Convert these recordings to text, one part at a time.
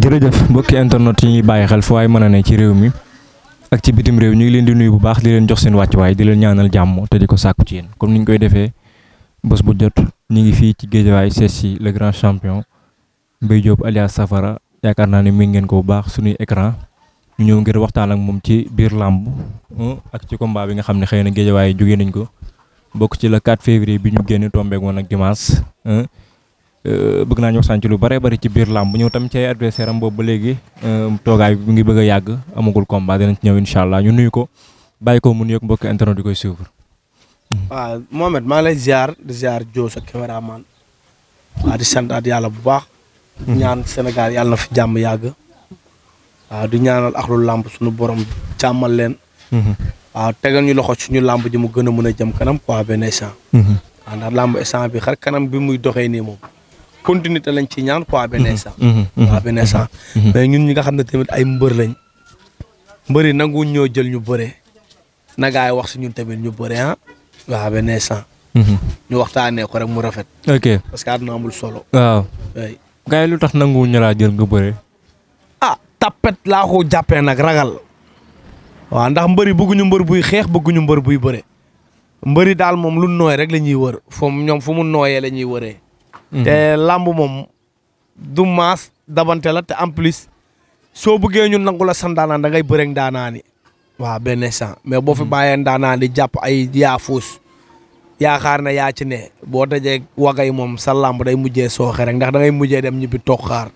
jërëjëf mbokki internet yi ñuy bàyyi xel fu waay mën a ne ci réew mi ak ci bitim réew ñu ngi leen di nuyu bu baax di leen jox seen wàccuwaay di leen ñaanal jàmm te di ko sàkku ci yéen comme ni ñu koy defee bés bu jot ñi ngi fii ci géejawaay sees si le grand champion Mbaye Diop alias Safara yaakaar naa ne mi ngeen ko bu baax sunuy écran ñu ñëw ngir waxtaan ak moom ci biir làmb ak ci combat bi nga xam ne xëy na géejawaay jógee nañ ko bok ci le 4 février bi ñu tombé tombeeg woon ak dimanche euh, bëgg naa ñu waxtaan ci lu bari bari ci bir lamb ñu tam ci ay adversaire am bobu légui euh togaay bi ngi bëgg a amagul combat dinañ ci ñëw inshallah ñu nuyu ko bàyyi ko mu ak mbokk internet dikoy suivre. wa mohammed ma lay ziar di ziar Diop ak cameraman wa di sant yalla bu baax. Hmm. ñaan Sénégal yalla fi jamm yàgg. wa di ñaanal akhlu lamb suñu borom chamal leen. Hmm. waaw tegal ñu loxo suñu làmb ji mu gën a mën a jëm kanam quoi benn instant. Mhm. waaw ndax làmb instant bi xar kanam bi muy doxee nii moom continuité lañ ci ñaan quoi benn instant. Mhm, mhm, waaw benn mais ñun ñi nga xam ne tamit ay mbër lañ mbëri nangu ñoo jël ñu bëre na gaay wax si ñun tamit ñu bëre ah waaw benn instant. ñu waxtaanee ko mu rafet. ok parce que solo. waaw lu tax nangu ñu laa jël nga bëre. ah tapet laa ko jàppee nag ragal. wa ndax mbëri ñu mbeur buy xeex ñu mbeur buy bëre mbeuri dal mom lu noy rek lañuy wër fo ñom fu mu noyé lañuy wëré té hmm. te mom du maas davanté la te en plus so bëggé ñu nangu la sa da ngay bëreeg ndaanaani wa ben instant mais bo fi hmm. bàyyee ndaanaan di japp ay ya xaar na ya ci né bo dajé wagay mom sa lamb day so sooxe rek ndax da ngay mujjé dem ñibi tok xaar.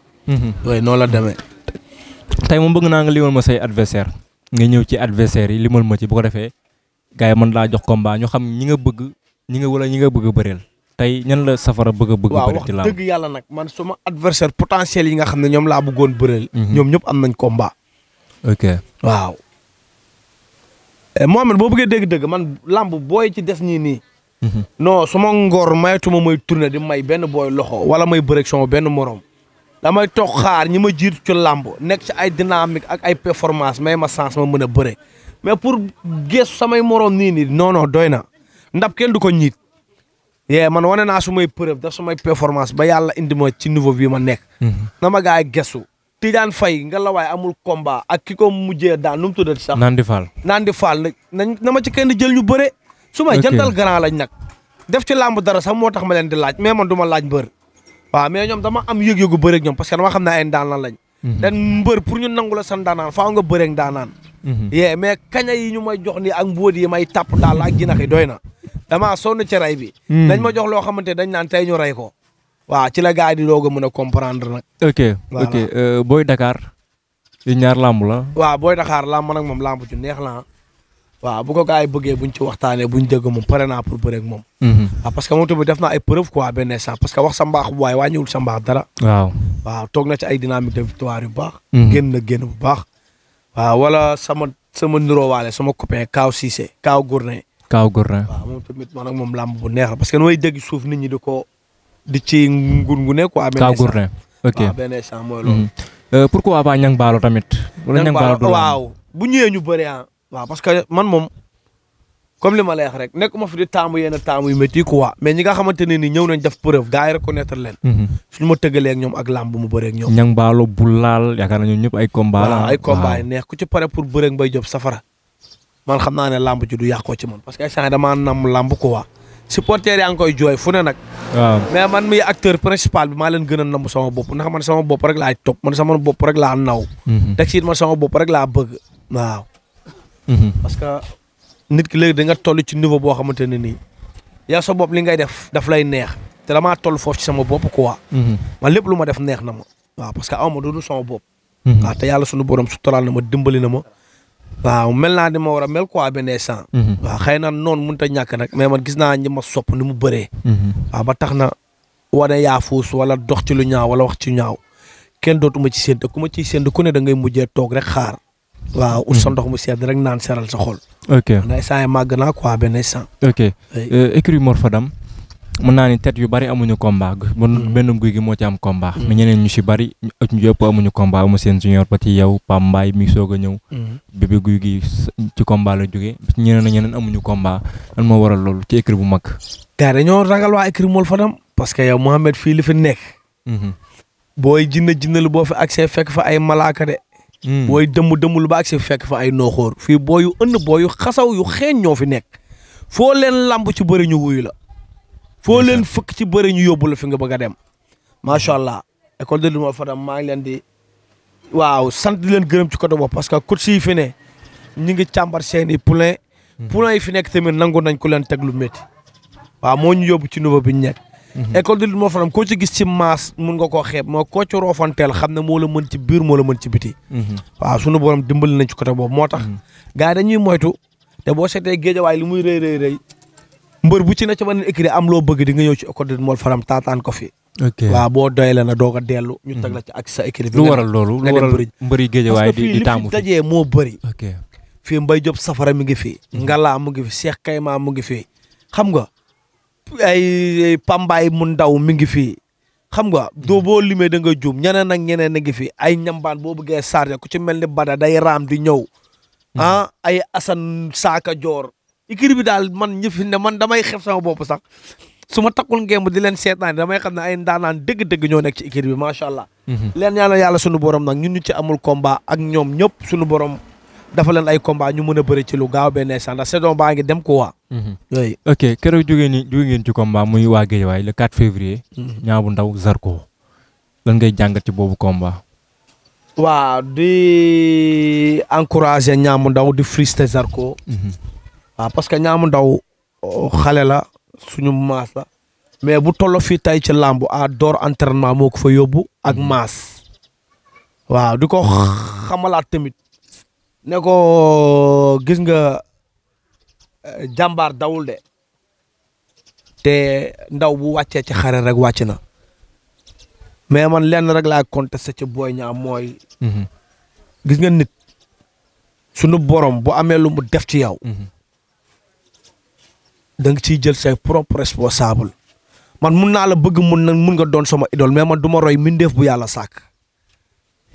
way hmm. no la démé tay mom bëgg na nga liwon ma say adversaire nga ñëw ci adversaire yi limal ma ci bu ko defee gars yi mën laa jox combat ñu xam ñi nga bëgg ñi nga wala ñi nga bëgg a bëreel tey ñan la safara bëgg a waaw bëri ci laa dëgg yàlla nag man suma adversaire potentiel yi nga xam ne ñoom laa bëggoon bëreel mhm. ñoom ñëpp am nañ combat ok waaw eh, Mohamed boo bëggee dégg-dëgg man lamb booy ci des nii nii mhm. non suma ngor mayetuma may tourné di may benn booy loxo wala may bëreeg sama benn moroom damay toog xaar ñi ma jiir ci làmb nekk ci ay dynamique ak ay performance may ma sens ma mën a bëre mais pour geesu samay moroom nii nii non doy na ndab kenn du ko ñiit yee man wane naa su may preuve daf su may performance ba yàlla indi ma ci niveau bii ma nekk mhm. na ma gaay gesu Tidiane fay nga la amul combat ak ki ko mujjee daan nu mu tuddati sax naan di faal naan di faal nañ na ma ci kenn jël ñu bëre su may jantal grand lañ nag def ci lamb dara sax moo tax ma leen di laaj mais man du laaj mbër waaw mais ñoom dama am yëg-yëgu bëre ñoom parce que dama xam ne ay ndaanaan lañ mhm. dan mbër pour ñu nangu la sa ndaanaan faaw nga bëre ak ndaanaan mhm. yee mais kaña yi ñu ma jox ni ak mbóot yi may tàpp daal ak jinax yi doy na damaa sonn ci rey bi mhm. dañ ma jox loo xamante dañ naan tey ñu rey ko waaw ci la gars yi di doog a mën a comprendre nag ok ok euh, Boy Dakar yi ñaar làmb la waaw Boy Dakar làmb nag moom làmb ci neex la waaw bu ko gars yi bëggee buñ ci waxtaanee buñ dégg moom pare naa pour bëre ak moom. waaw mhm. ah, parce que moom tamit def naa ay preuve quoi benn instant parce que wax sa mbaax bu waaye wàññiwul sa mbaax dara. waaw waaw toog na ci ay dynamique de victoire yu baax. Mhm. génn na génn bu baax. waaw wala sama sama niroowaale sama copain kaw Cissé kaw Gourné. kaw Gourné waaw moom tamit man ak moom lamb bu neex la parce que nooy dégg suuf nit ñi di ko di ci ngurngune quoi. Kaaw Gourné ok waaw benn instant mooy loolu. Mhm. Euh, pourquoi pas ñang Ballo tamit. ñang Niang waaw bu ñëwee ñu bëree ah. waaw parce que man moom comme li ma lay wax rek nekk ma fi di taamu yenn taamu yu métti quoi mais ñi nga xamante ne ni ñëw nañ def preuve gars yi reconnaître leen. Mhm. suñu ma tëggalee ak ñoom ak làmb mu bëree ak ñoom. ñang baalo bu laal yaakaar naa ñoom ñëpp ay combat la ay combat yi neex ku ci pare pour bëreeg Mbaye Diop safara man xam naa ne làmb ji du yàqoo ci man parce que ay damaa nam làmb quoi. supporters yaa ngi koy jooy fu ne nag. waaw man mi acteur principal bi maa leen gën a namb sama bopp ndax man bopp rek laay topp man sama bopp rek laa naw. Mhm. teg si it man laa bëgg waaw Mhm. parce que nit ki léegi da nga toll ci niveau boo xamante ne nii yaa sa bopp li ngay def daf lay neex te maa toll foofu ci sama bopp quoi. Mhm. man lépp lu ma def neex na ma. waaw parce que aw ma doodu sama bopp. Mhm. waaw te yàlla sunu borom suturaal na ma dimbali na ma. waaw mel naa ni ma war a mel quoi benn instant. na noonu mënut a ñàkk nag mais man gis naa ñi ma sopp ni mu bëree. waaw ba tax na wane yaafuus wala dox ci lu ñaaw wala wax ci ñaaw kenn dootuma ci sént ku ma ciy sént ku ne da ngay mujjee toog rek xaar. waaw ut sa hmm. ndox mu sedd rek naan seral sa xol. ok ndax instant yii màgg naa quoi benn instant. ok euh, Fadam mën naa ni tête yu bari amuñu combat hmm. benn guy gi moo ci am combat. Hmm. mais ñeneen ñu si bari ñu yëpp amuñu combat ba ci yow Pam Mbaye a ñëw. bébé guy gi ci combat la jógee ñeneen ak ñeneen amuñu combat lan moo waral loolu ci écurie bu mag. gars dañoo ragal waa écurie Mor Fadam parce que yow Mohamed fii li fi nekk. booy jinne jinne lu boo fi accès fekk fa ay malaaka de. Mm. booy dëmm dëmmul ba agsi fekk fa ay nooxóor fii booy yu ënd booy yu xasaw yu xeeñ ñoo fi nekk foo leen lamb ci bëri ñu wuyu la foo leen fëkk ci bëri ñu yóbbu fi nga bëgg a dem macha allah école de Louma Fadam maa ngi leen di waaw sant di leen gërëm ci côté boobu parce que coach yi fi ne ñu ngi càmbar seen i poulain mm. poulain yi fi nekk tamit nangu nañ ku leen teg lu métti waaw moo ñu yóbbu ci niveau bi ñu nekk Mhm. école de lutte moo faram koo ci gis ci maas mun nga ko xeeb moo koo ci roofanteel xam ne moo la mën ci biir moo la mën ci biti mhm. waaw sunu borom dimbali nañ ci côté boobu moo tax mhm. gars yi dañuy moytu te boo seetee géejawaay li muy rëy rëy mbër bu ci na ca mën a écrit am loo bëgg di nga ñëw ci école de lutte faram taataan ko fi waaw boo doy la na doog a dellu ñu la ci ak sa écrit bi lu waral loolu lu waral mbëri géejawaay di taamu fi dajee moo bëri fii mbay Diop Safara mi ngi fi. Ngala mu ngi fi Cheikh Kayma mu ngi fi xam nga ay pambaay mu ndaw mi ngi fii xam nga hmm. doo boo limee da nga juum ñeneen ak ñeneen a ngi fi ay ñambaan boo bëggee chargé ku ci mel ni bada day raam di ñow hmm. ah ay asan saaka joor ikir bi daal man ñi fi ne man damay xef sama bopp sax su ma takkul ngeem di leen seetaan damay xam ne ay ndaanaan dëgg-dëgg ñoo nekk ci ikir bi macha allah. Hmm. leen ñaanal yàlla sunu borom nag ñun ñu ci amul combat ak ñoom ñëpp sunu borom dafa len ay combat ñu mën a bëri ci lu gaaw benn baa ngi dem ko oui mm-hmm. ok keroog jógee ni jógee ngeen mm-hmm. bu Ndaw Zarko lan ngay jàngat ci boobu combat. waaw di encourager Niang bu Ndaw di frister Zarko. Mm-hmm. waaw parce que Niang bu Ndaw oh, xale la suñu maas la. mais bu tollo fii tey ci làmb a door entraînement moo ko fa yóbbu ak maas. waaw di ko xamalaat tamit. ne ko gis nga. Jambar dawul de te ndaw bu wacce ci xare rek wàcc na mais man lenn rek la contesté ci Boy moy hmm gis nga nit sunu borom bu amé lu mu def ci yow. Mhm. da nga ci jël say propre responsable. man mën na la bëgg mun na mën nga doon sama idole mais man duma roy mindeef bu yalla sak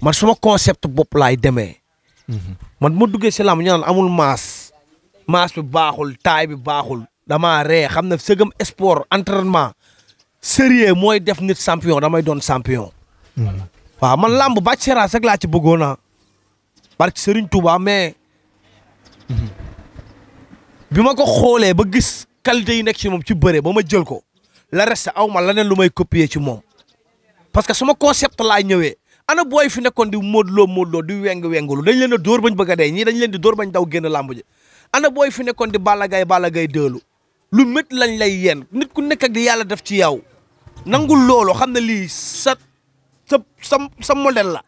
man suma concept lay démé hmm man bu duggé ci ñaan amul masse maas bi baaxul taay bi baaxul dama ree xam na sëgëm sport entraînement sérieux mooy def nit champion damay doon champion. waaw man làmb bàcc seeraas rek laa ci bëggoon a barke Serigne Touba mais bi ma ko xoolee ba gis qualité i nekk ci moom ci bëre ba ma jël ko la reste aw ma leneen lu may copier ci moom parce que sama concept laa ñëwee ana booy fi nekkoon di móodloo móodloo di weng wengulu dañ leen a dóor bañ bëgg a dee ñii dañ leen di dóor bañ daw génn làmb ji ana booy fi nekkoon di Balla Gaye Balla Gaye lu métti lañ lay yeen nit ku nekk ak di yàlla def ci yow nangul loolu xam ne lii sa sa sa sa modèle la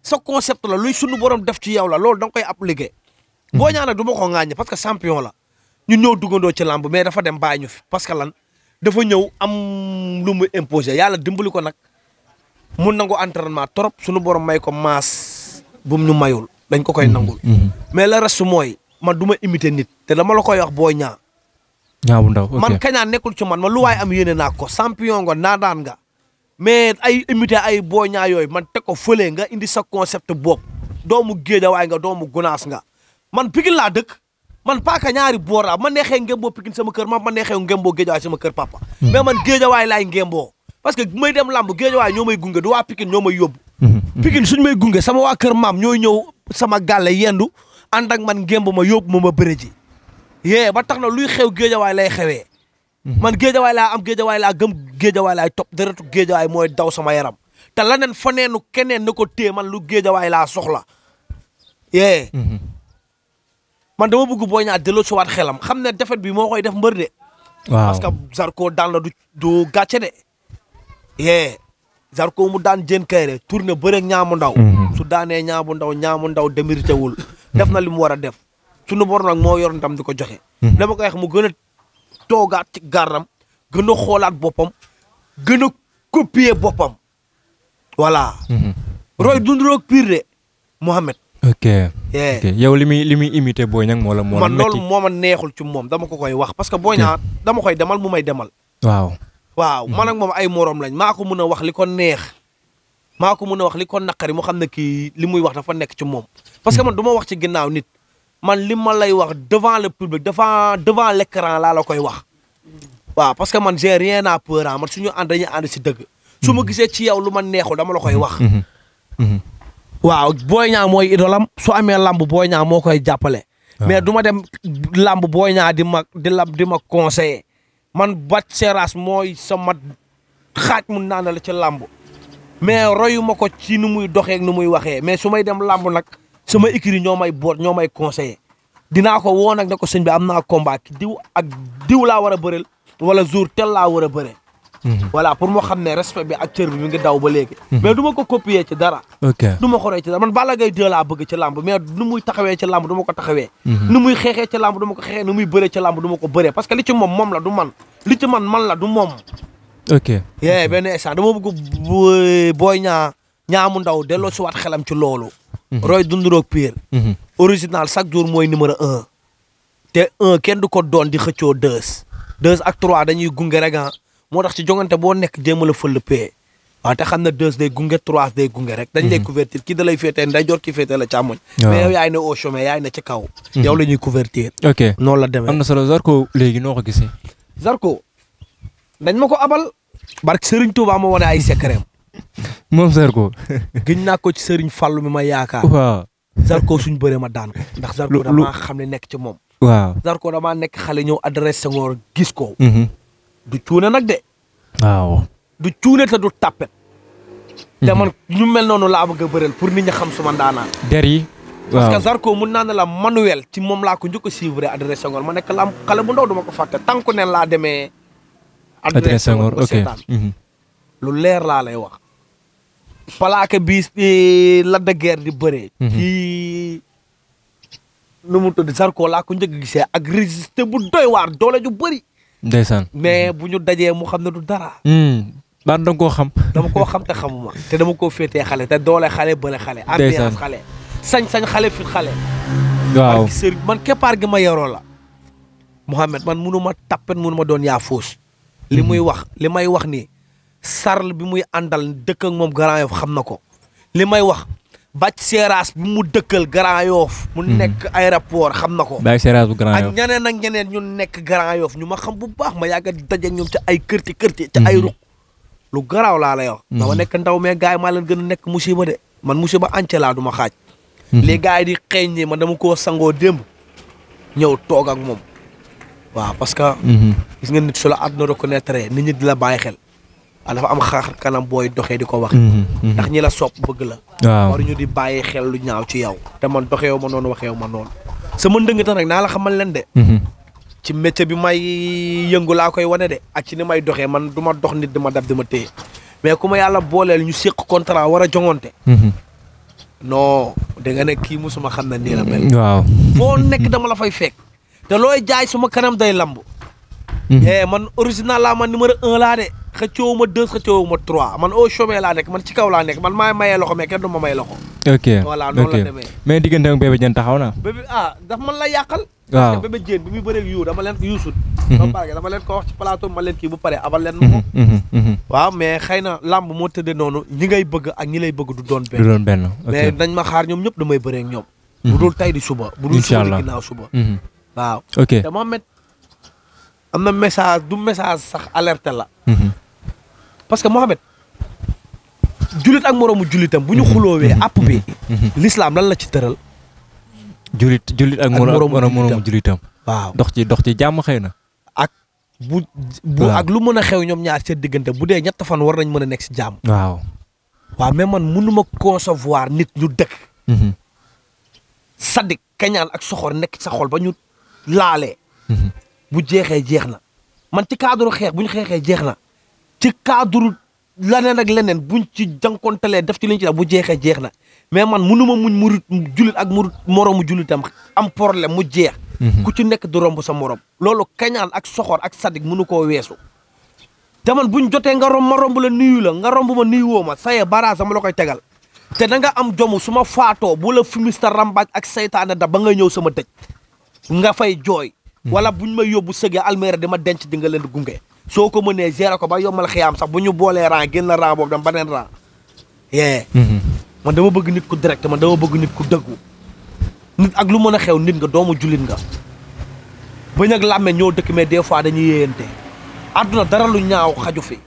sa concept la luy sunu borom def ci yow la loolu da nga koy appliquer. Mhm. boo ñaanal du ma ko ŋaaññe parce que champion la ñun ñëw duggandoo ci làmb mais dafa dem baa ñu fi parce que lan dafa ñëw am lu mu imposé yàlla dimbali ko nag mun nangu entraînement trop sunu borom may ko maas bu ñu mayul dañ ko koy mhm. nangul. Mhm. mais le reste man du ma imiter nit te dama la koy wax booy ñaa ñaa bu man kañaa nekkul ci man ma lu waaye am yéene naa ko champion nga naadaan nga mais ay imiter ay booy ñaa yooyu man teg ko fële nga indi sa concept bopp doomu géej waaye nga doomu gunaas nga man Pikine laa dëkk man paaka ñaari boora ma neexee ngemboo Pikine sama kër ma ma neexee ngemboo géejawaay sama kër papa hmm. mais man géejawaay laay ngemboo parce que may dem làmb géejawaay ñoo may gunge du waa Pikine ñoo may yóbbu hmm. Pikine suñu may gunge sama waa kër maam ñooy ñëw sama gàlle yendu ànd ak man ngemb ma yóbbu ma ma bëre ji yee ba tax na luy xew géejawaay lay xewee mhm. man géejawaay laa am géejawaay laa gëm géejawaay laay topp deretu géejawaay mooy daw sama yaram te laneen faneenu keneen ko téye man lu géejawaay laa soxla mhm. man dama bëgg booy ñaa delloo si waat xelam xam ne defet bi moo koy def mbër de waaw parce que Zarko daan la du du gàcce de yee Zarko mu daan jën kayre tourné bëreeg ñaamu ndaw mhm. su daanee ñaamu ndaw ñaamu ndaw demir wul def na li mu war a def sunu borom nag moo yor ndam di ko joxe. Mhm. dama koy wax mu gën a toogaat ci gàrram gën a xoolaat boppam gën a copier boppam voilà. Mhm. roy dundroog pire de Mohamed. yow li muy li muy imité Boy Niang moo la moo la man loolu moo ma neexul ci moom dama ko koy wax parce que Boy Niang dama koy demal mu may demal. waaw waaw man ak mhm. moom ay morom lañ maa ko mën a wax li ko neex. maa ko mën a wax li ko naqari mu xam ne kii li muy wax dafa nekk ci moom. parce que man duma wax ci ginnaaw nit man li ma lay wax devant le public devant devant l' écran laa la koy wax. waaw parce que man j'ai na à peur ah, man suñu ànd dañuy ànd si dëgg. su ma gisee ci yow lu man neexul dama la koy wax. Mm-hmm. Mm-hmm. waaw booy ñaa mooy idolam su amee lamb booy ñaa moo koy jàppale. Ah. mais duma dem lamb booy ñaa di ma di la di ma conseiller man Bathie Seras mooy sa mat xaaj mun naan la ci lamb. mais royuma ko ci nu muy doxee nu muy waxee mais su may dem làmb nag sama écurie ñoo may boot ñoo may conseiller dinaa ko woo nag ne ko sëñ bi am naa combat diw ak diw laa war a bëreel wala jour tel laa war a bëree. Mhm. voilà pour moo xam ne respect bi ak cër bi mi ngi daw ba léegi. Mhm. mais du ma ko copier ci dara. ok du ma xoree ci dara man Balla Gaye 2 laa bëgg ci làmb mais nu muy taxawee ci làmb du ma ko taxawee. Mhm. nu muy xeexee ci lamb du ma ko xeexee nu muy bëree ci làmb du ko bëree parce que li moom moom la du man li ci man man la du moom. ok yee benn instant dama bëgg booy eh, ñaa ñaamu ndaw delloo waat xelam ci loolu. Mhm. roy dunduroog pire. Mhm. original chaque jour mooy numéro un. te un kenn du ko doon di xëccoo deux. deux ak trois dañuy gunge rek ah moo tax ci jongante boo nekk jéem a la fël pee waaw te xam na deux day gunge trois day gunge rek. dañ lay mhm. couvertir kii da lay féetee nday jor ki féetee la càmmoñ. mais yow yaay ne au chemin yaay ne ci kaw. yow la ñuy couvertir. ok noonu la demee na solo Zarko léegi noo ko gisee. Zarko. dañ ma ko abal barke Serigne Touba ma wane ay secret moom Zarko. gëj naa ko ci Serigne Fallou mi ma yaakaar. waaw Zarko suñ bëree ma daan ndax Zarko damaa xam ne nekk ci moom. waaw Zarko damaa nekk xale ñëw adressé ngoor gis ko. Mhm. du cuune nag de. waaw du cuune te du tàppet. te mhm. man ñu mel noonu laa bëgg a bëreel pour nit ñi xam suma ndaanaan. der yi. waaw parce que Zarko mun naa ne la manuel ci moom laa ko njëkk a suivre adressé ma nekk la am xale bu ndaw duma ko fàtte ne laa demee. adresse ngor ok lu leer la lay wax. plaque bii la de guerre di beure mhm. ci nu mu tudd sarko la ko ñëg gisé ak résister bu doy waar doole ju beuri ndaysan mais bu ñu dajee mu xamna du dara. hmm da dang ko xam. dama ko xam te xamuma. te dama ko fété xalé te doole xale bële xale. ndeysaan ambiance xalé sañ-sañ xalé fi xalé waaw man képar gi ma yoro la. Mouhamed man munu tapen tappet don ya doon li muy mhm. wax li may wax ni sarl bi muy àndal dëkk ak moom Grand Yoff xam na ko li may wax bàcc seeraas bi mu dëkkal Grand yoof mu mhm. nekk aéroport xam na ko bàcc seeraas bu Grand Yoff ak ñeneen ak ñeneen ñu nekk Grand yoof ñu ma xam bu baax ma yàgga daje ak ñoom ci ay kërti kërti ci ay mhm. ruq lu garaaw laa la yow dama nekk ndaw mais gars yi maa leen gën a nekk musiba de man musiba ance laa duma xaaj li gars yi di xeeñ ñi man dama koo sangoo démb ñëw toog ak moom Wah, parce que. Mhm. gis nga nit su la reconnaître nit ñi di la bàyyi ala ah, fa am xaar kanam boy doxee di ko wax. Mhm, mhm. ndax ñi la sop bëgg la. waaw waruñu di bàyyi xel lu ñaaw ci yow. te man doxeewu ma noonu waxeewu ma noonu. sama ndëng tax nag naa la xamal leen de. ci métier bi may yëngu laa koy wane de ak ci ni may doxee man du ma dox nit dama dab dama téye mais ku ma yàlla ñu séq contrat non da nga ki musuma la mel. waaw foo nekk dama la fay fekk. te looy jaay suma kanam day lamb. Mhm. eh man original laa man numéro un laa de xëccoo ma deux xëccoo ma trois man au chômé laa nekk man ci kaw laa nekk man maay mayee loxo mais may loxo. ok mais diggante ak bébé jën taxaw na. bébé ah la yàqal. waaw parce que bébé jën bi muy bëreeg yu dama leen ko yuusut. Mhm. ba pare dama leen ko wax ci plateau ma leen kii bu pare abal leen ma mhm. waaw mais xëy na làmb moo tëddee noonu ñi ngay bëgg ak ñi lay bëgg du doon benn. du mais dañ ma xaar ñoom ñëpp damay bëree ak ñoom. bu dul tey di suba. bu dul suba di suba. waaw ok te Mohamed am na message du message sax alerte la. Mhm. parce que Mohamed julit ak moroomu julitam bu ñu mhm. xuloowee mhm. app bi. l'islam lan la ci tëral. julit julit ak moroomu julitam waaw dox ci dox ci jàmm xëy na. ak bu bu ak lu mën a xew ñoom ñaar seen diggante bu dee ñett fan war nañ mën a nekk si jàmm. waaw waaw mais man mënuma concevoir nit ñu dëkk. sadik kañaan ak soxor nekk sa xol ba ñu laale mhm. bu jeexee jeex na man ci cadre xeex bu ñu xeexee jeex na ci cadre leneen ak leneen buñ ci jànkoontelee def ci liñ ci def bu jeexee jeex na mais man munuma muñ murit jullit ak murit moroomu jullitam am problème mu jeex. Mhm. ku ci nekk di romb sa morom. loolu keñaan ak soxor ak sadik mënu koo weesu. te man buñ jotee nga romb ma romb la nuyu la nga romb ma nuyu woo ma saye bara sama la koy tegal te da nga am jomu suma faatoo bu la fumiste rambaaj ak seytaane da ba nga ñëw sama dëj nga fay jooy. Hmm. wala buñ ma yóbbu sëgee almeera di ma denc di nga leen di gunge. soo ko mënee gérer ko ba yombal xiyaam sax bu ñu boolee rang génn rang boobu dem beneen rang. yee. Hmm. ma dama bëgg nit ku direct ma dama bëgg nit ku dëggu. nit ak lu mën a xew nit nga doomu julit nga. bañ ak làmme ñoo dëkk mais des fois dañuy yéyante. àdduna dara lu ñaaw xaju fi.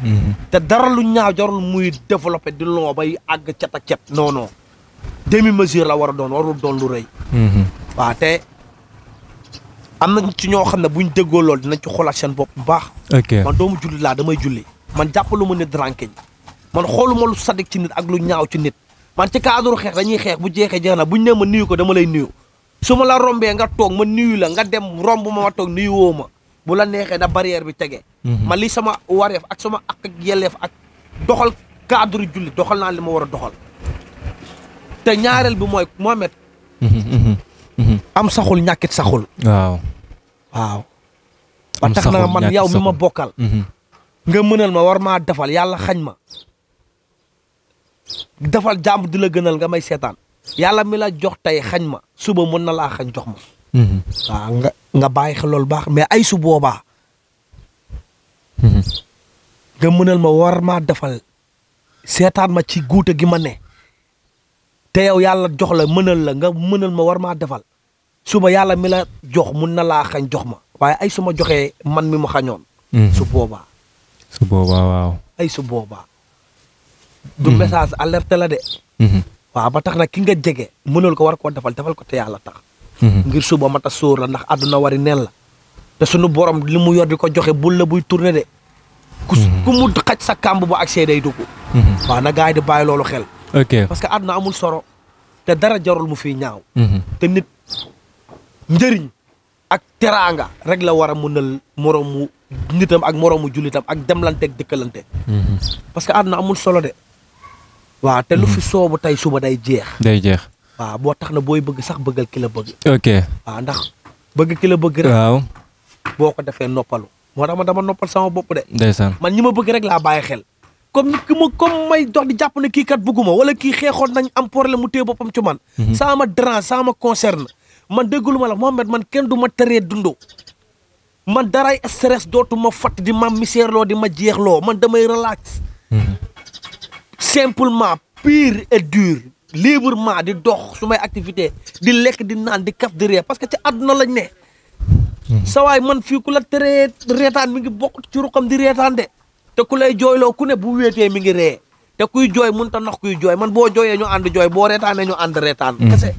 Hmm. te dara lu ñaaw jarul muy développé di loo bay àgg cet ak cet. non non demi mesure la war a doon warul doon lu rëy. am na ci ñoo xam ne bu ñu déggoo loolu dinañ ci xoolaat seen bopp bu baax. man doomu julli laa damay julli. man jàppalu ma nit rànkeñ man xooluma lu sadik ci nit ak lu ñaaw ci nit man ci cadre xeex dañuy xeex bu jeexee jeex na bu ñu nee ma nuyu ko dama lay nuyu su ma la rombee nga toog ma nuyu la nga dem romb ma ma toog nuyu ma bu la neexee na barrière bi tege. Mhm. ma li sama wareef ak sama ak ak ak doxal cadre julli doxal naa li ma war a doxal te ñaareel bi mooy Mohamed. Mhm, mhm. Mm-hmm. am saxul ñakit saxul. waaw. waaw. ba tax na man yaw mi ma bokal mm-hmm. nga mënal ma war ma defal yalla xagn ma. defal jamm du la gënal nga may seetaan. yalla mi la jox tay xagn ma. suba mën na la xagn jox ma. Mm-hmm. waaw nga nga bayyi xel lol bax mais ay su nga mënal ma war ma defal. setan ma ci goute gi ma ne. te yow yàlla jox la mënal la nga mënal ma war maa defal suba yàlla mi la jox mun na laa xañ jox ma waaye ay su ma joxee man mi mu xañoon. Hmm. su boobaa. su boobaa waaw. ay su boobaa. du hmm. message alerte la de. Hmm. waaw ba tax na ki nga jege. mënal ko war koo defal defal ko te yàlla tax. ngir suba ma ta sóor la ndax àdduna wari neen la. te sunu borom li mu yor di ko joxe bul la buy tourné de. ku mu xaj sa kàmb bu accès day dugg. waaw na gars di bàyyi loolu xel. ok parce que adna amul soro te dara jarul mu fi ñaaw. Mhm. te nit njëriñ ak teranga rek la wara mënal morom mu nitam ak mu julitam ak demlante ak hmm parce que adna amul solo de. wa te lu fi mhm. soobu tay suba day jeex. day jeex wa bo tax na booy bëgg sax bëggal ki la bëgg. ok wa ndax bëgg ki la bëgg. rek waaw boko ko noppalu. mo dama dama noppal sama bop de. ndaysan man ñima bëgg rek la bàyyi xel comme comme comme may dox di japp ne ki kat buguma wala ki xexon nañ am problème mu té bopam ci man mhm. ça ma dran ça ma concerne man deguluma la mohammed man ken duma téré dundo man daray stress dotuma fat di mam misère lo di ma jeex lo man damay relax mhm. simplement pire et dur librement di dox sumay activité di lek di nan di kaf di ré parce que ci aduna lañ né mhm. saway man fi la téré rétane mi ngi bok ci rukam di rétane dé te ku lay jooyloo ku ne bu wéetee mi ngi ree te kuy jooy mun ta nax kuy jooy man boo jooyee ñu ànd joy boo reetaanee ñu ànd reetaan kese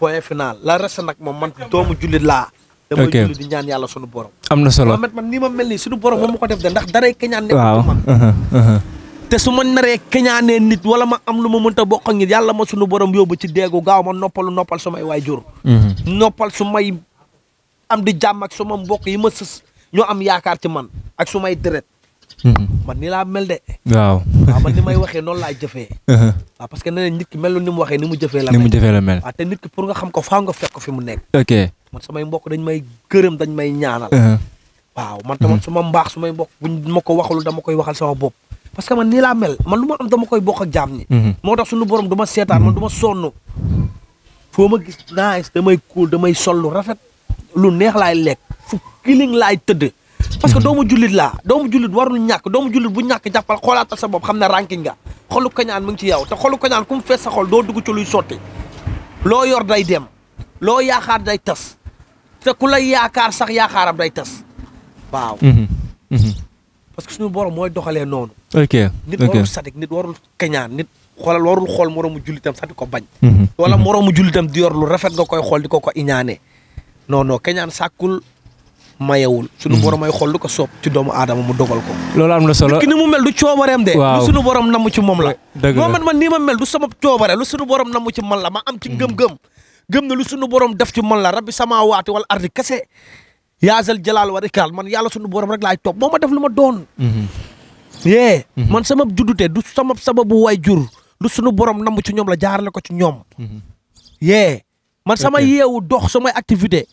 point final la reste nag moom man doomu jullit laa dama julli di ñaan yàlla sunu borom am na solo man ni ma mel nii sunu borom moom ko def de ndax daray keñaan ne man uh-huh, uh-huh. te su ma naree keñaanee nit wala ma am lu ma mënta bokk ak nit yàlla ma sunu borom yóbbu ci deegu gaaw ma mm-hmm. am di jàmm ak suma mbokk yi ma am yaakaar ci man ak sumay deret Mhm. man nii laa mel de. waaw ah, man ni may waxee noonu laay jëfee. waaw uh-huh. ah, parce que nee nit ki melul ni mu waxee ni mu jëfee la mel. ni mu jëfee la mel waaw ah, te nit ki pour nga xam ko faa nga fekk fi mu nekk. ok man samay mbokk dañ may gërëm dañ may ñaanal. Uh-huh. waaw man tamit mhm. su ma mbaax su may mbokk buñ ma ko waxul dama koy waxal sama bopp. parce que man nii laa mel man lu ma am dama koy bokk ak jaam ñi. Mhm. moo tax suñu borom dama seetaan man dama sonn. foo ma gis naa damay kuul damay sol lu rafet lu neex laay lekk laay tëdd. parce que mhm. doomu julit la doomu julit warul ñak doomu julit bu ñak jappal xoolaatal sa bop xamna ranking nga xolu kañaan mu ngi ci yaw te xolu kañaan kum mu sa xol do dugg ci luy sotti lo yor day dem loo yaakaar day tas te kula lay yaakaar sax yaakaaram day tas waaw mhm. Mhm. parce que suñu borom doxale non ok nit warul sadik nit warul kañaan nit xoolal warul xol moromu julitam sax di ko bañ wala moromu julitam di yor lu rafet nga koy xol di ko ko non non kañaan sakul mayewul suñu mhm. borom ay xool ko soob ci doomu aadama mu dogal ko loolu am na solo ki ni mu mel du coobareem de lu suñu borom namm ci moom la moom man nii ma mel du sama coobare borom namm ci man la ma am ci ngëm-ngëm mhm. gëm na lu suñu borom def ci man la rabbi sama waati wala ardi kese yaasal jalaal wa rikaal man yàlla suñu borom rek laay topp moo ma def lu ma doon mhm. yee man sama juddute du sama sababu way jur lu suñu borom namm ci ñoom la jaarale ko ci ñoom yeewu dox samay activité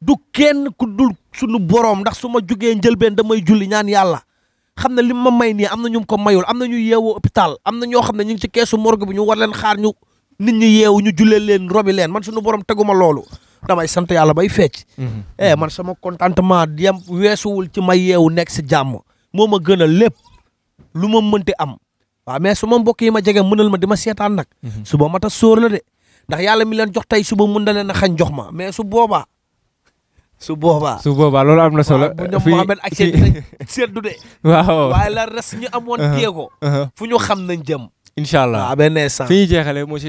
du kenn ku dul sunu borom ndax su ma jugee njëlbeen damay julli ñaan yàlla xam na li ma may nii am na ñu ko mayul am na ñu yeewoo opital am na ñoo xam ne ñu ngi ci keesu morgue bi ñu war leen xaar ñu nit ñu yeewu ñu jullee leen robi leen man suñu boroom teguma loolu damay sant yàlla bay fecc mhm. eh man sama contentement yam weesuwul ci ma yeewu nekk si jàmm moo ma gën a lépp lu ma mënti am waaw mais su mbokk yi ma jege mënal ma di ma seetaan nag mhm. suba mata sóor la de ndax yàlla mi leen jox tey suba mën na leen a xañ jox ma mais su boobaa su boobaa su boobaa loolu am na solo. bu ñoom Mohamed ak seddu de. waaw waaye la res amoon jéego. Uh-huh. Uh-huh. fu ñu xam nañ jëm. incha allah waaw ah, benn instant fi ñuy jeexalee mooy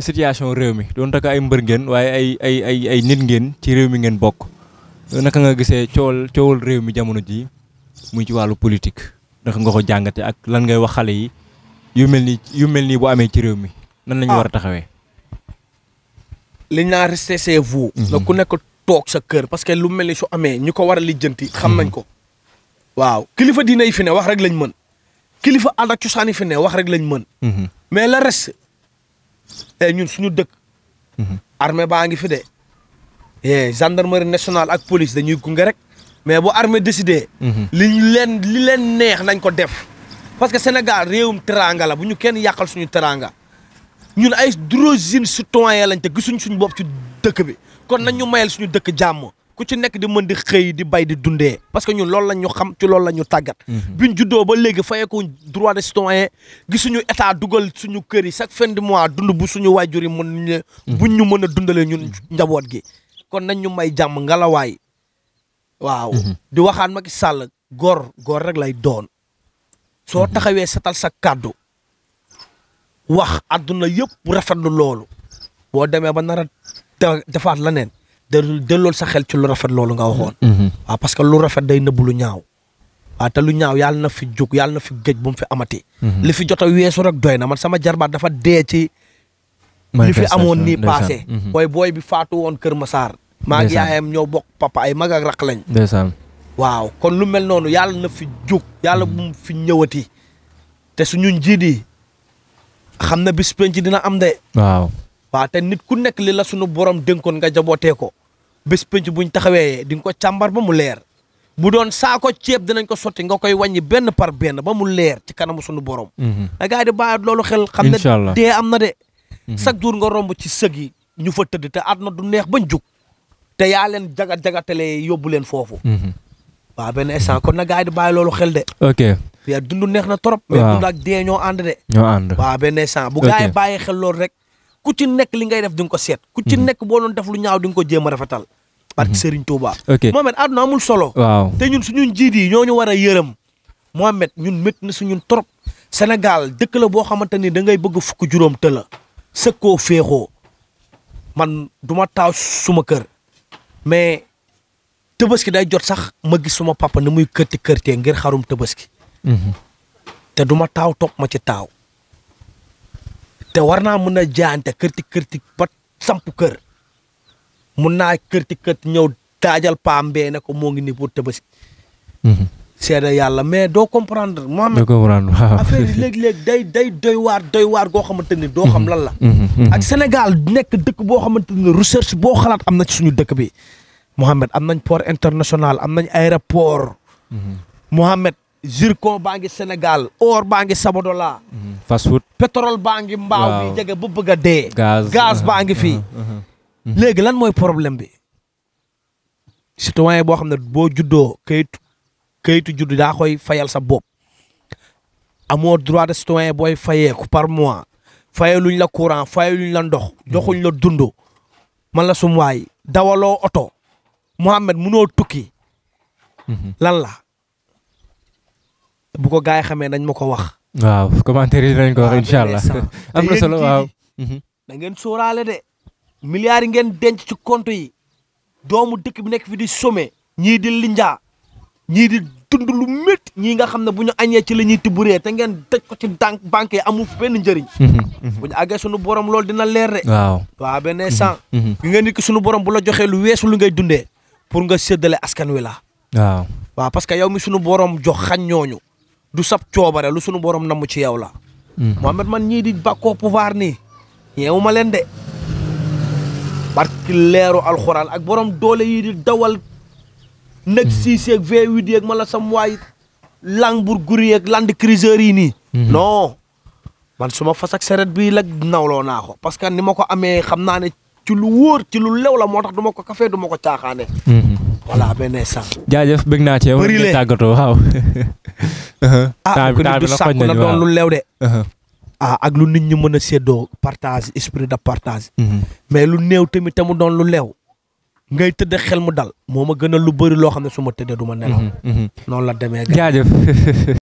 situation réew mi donte ko ay mbër ngeen waaye ay ay ay ay nit ngeen ci réew mi ngeen bokk. naka nga gisee coowal coowal réew mi jamono ji muy ci wàllu politique naka nga ko jàngate ak lan ngay wax xale yi yu mel nii yu mel nii bu amee ci réew mi. nan la ñu ah. war a taxawee. Mhm. nekk toog sa kër parce que lu mel ni su amee ñu ko war a lijjanti xam nañ ko waaw kilifa diine yi fi ne wax rek lañ mën kilifa ànd ak cosaan yi fi ne wax rek lañ mën mhm. mais la res tey eh, ñun suñu dëkk mhm. armée baa ngi fi de e gendarmerie nationale ak police dañuy gunge rek mais bu armée décidé mhm. liñ leen li leen neex nañ ko def parce que Sénégal réewum teranga la bu ñu kenn yàqal suñu teranga ñun ay drosine citoyen lañ te gisuñ suñu bopp ci dëkk bi kon nañ ñu mayal suñu dëkk jàmm ku ci nekk di mën di xëy di bay di dundee parce que ñun loolu lañ ñu xam ci loolu la ñu tàggat mhm. biñ juddoo ba léegi fayeeku droit de citoyen gisuñu état dugal suñu kër yi chaque fin de mois dund bu suñu waajur yi mën ñu mhm. buñ ñu mën a dundalee ñun mhm. njaboot gi kon nañ ñu may jàmm ngalawaay waaw di waxaan Macky Sall góor góor rek lay doon soo taxawee sa setal sa kàddu wax àdduna yëpp rafetlu loolu boo demee ba nar a defaat leneen de delloo sa xel ci lu rafet loolu nga waxoon. Mm-hmm. waaw parce que lu rafet day nëbb lu ñaaw. waaw lu ñaaw yàlla na fi jóg yàlla na fi géej bu mu fi amati. Mm-hmm. li fi jot a weesu rek doy na man sama jarbaat dafa dee ci. li fi amoon nii passé. booy mm-hmm. booy bi faatu woon Kër Massar. maa ngi yaayam ñoo bokk papa ay mag ak raq lañ. waaw kon lu mel noonu yàlla na fi jóg. yàlla bu mu fi ñëwati. te suñu njiit yi xam na bis penc dina am de. waaw waaw te nit ku nekk li la sunu borom dénkoon nga jabootee ko bis penc buñ taxawee di nga ko càmbar ba mu leer bu doon saako ceeb dinañ ko sotti nga koy wàññi benn par benn ba mu leer ci kanamu sunu borom. Mhm. da gaa di loolu xel. xam ne dee am na de. Mhm. chaque jour nga romb ci sëg yi ñu fa tëdd te at na du neex bañ jug. te yaa leen jaga jagatalee yóbbu leen foofu. Mhm. waaw benn instant kon na gars yi di bàyyi loolu xel de. ok yaa neex na trop. mais dund ak dee ñoo ànd de. ñoo ànd benn instant bu gars yi bàyyi xel loolu rek ku ci nekk li ngay def di nga ko seet. ku ci hmm. nekk boo doon def lu ñaaw di nga ko jéem a rafetal. barke hmm. Serigne Touba. ok Mohamed àdduna amul solo. te ñun suñu njiit yi ñoo ñu war a yërëm. Mohamed ñun métti na suñu trop. Sénégal dëkk la boo xamante ni da ngay bëgg fukk juróom të la sëkkoo féexoo man duma ma suma kër tabaski day jot sax ma gis suma papa ni muy keut kërtee ngir xarum hmm te duma taw topp ma ci taw te warna naa jante a jaante pat samp keur mun naa kërti ñew dajal taajal paam bee ne ko moo ngi ni pour hmm seede yalla mais do comprendre moom affaire leg leg day day doy war doy war go xamanteni ni xam mhm. lan la mhm. Mhm. ak Sénégal nek dëkk bo xamanteni recherche bo xalat am ci suñu dëkk bi Mohamed am nañ port international am nañ aéroport. Mhm. Mohamed zircon baa ngi Sénégal or baa ngi Sabodola. Mhm. fast food baa ngi. mbaaw bi jege bu bëgg a dee. gaz baa ngi fii. Uh-huh. Uh-huh. Mhm. léegi lan mooy problème bi. citoyen boo xam ne boo juddoo kayitu kayitu juddu daa koy fayal sa bop amoo droit de citoyen booy fayeeku par mois fayaluñ la courant fayaluñ la ndox joxuñ la dund mala la sum dawaloo oto Muhammad mëno tukki. Mhm. lan la. bu ko gaay xamé nañ mako wax. waaw commentaire yi dinañ ko wax inshallah amna solo waaw. Mhm. da ngeen sooralé dé milliards yi ngeen denc ci compte yi. doomu dëkk bi nek fi di somé ñi di linja ñi di dund lu met ñi nga buñu agné ci lañuy ngeen ko ci bank yi mhm, borom lool dina lér de. waaw wa benn instant. nga nit ki sunu borom bu la joxé lu weesu lu ngay dundé pour nga séddale askan wi la. waaw wa parce que yow mi suñu borom jox xagn ñooñu du sap ciobare lu suñu borom namm ci yow la. Hmm. mohammed man ñi di bako pouvoir ni ñewuma len de. barki leeru alxuraan ak borom doole yi di dawal. nek hmm. siisi ak V8 ak mala sam Lang Langbour guri ak Land Cruiser yi ni hmm. non man suma fas ak seret bi lak nawlo naa ko parce que nima ko amé xamna ne ci lu wóor ci lu lew la moo tax duma ma ko kafe du ma ko caaxaane mhm. voilà benn sànq. jaajëf bëgg naa cee war nga tàggatoo waaw. Uh-huh. ah ku nit lu lew uh-huh. ah ak lu nit ñi mën a séddoo partage esprit de mhm. mais lu néew tamit te mu doon lu leew. ngay tëdd xel mu dal. moo ma gënal lu bëri loo xam ne su ma tëddee du ma nelaw. Mhm, noonu la demee. jaajëf.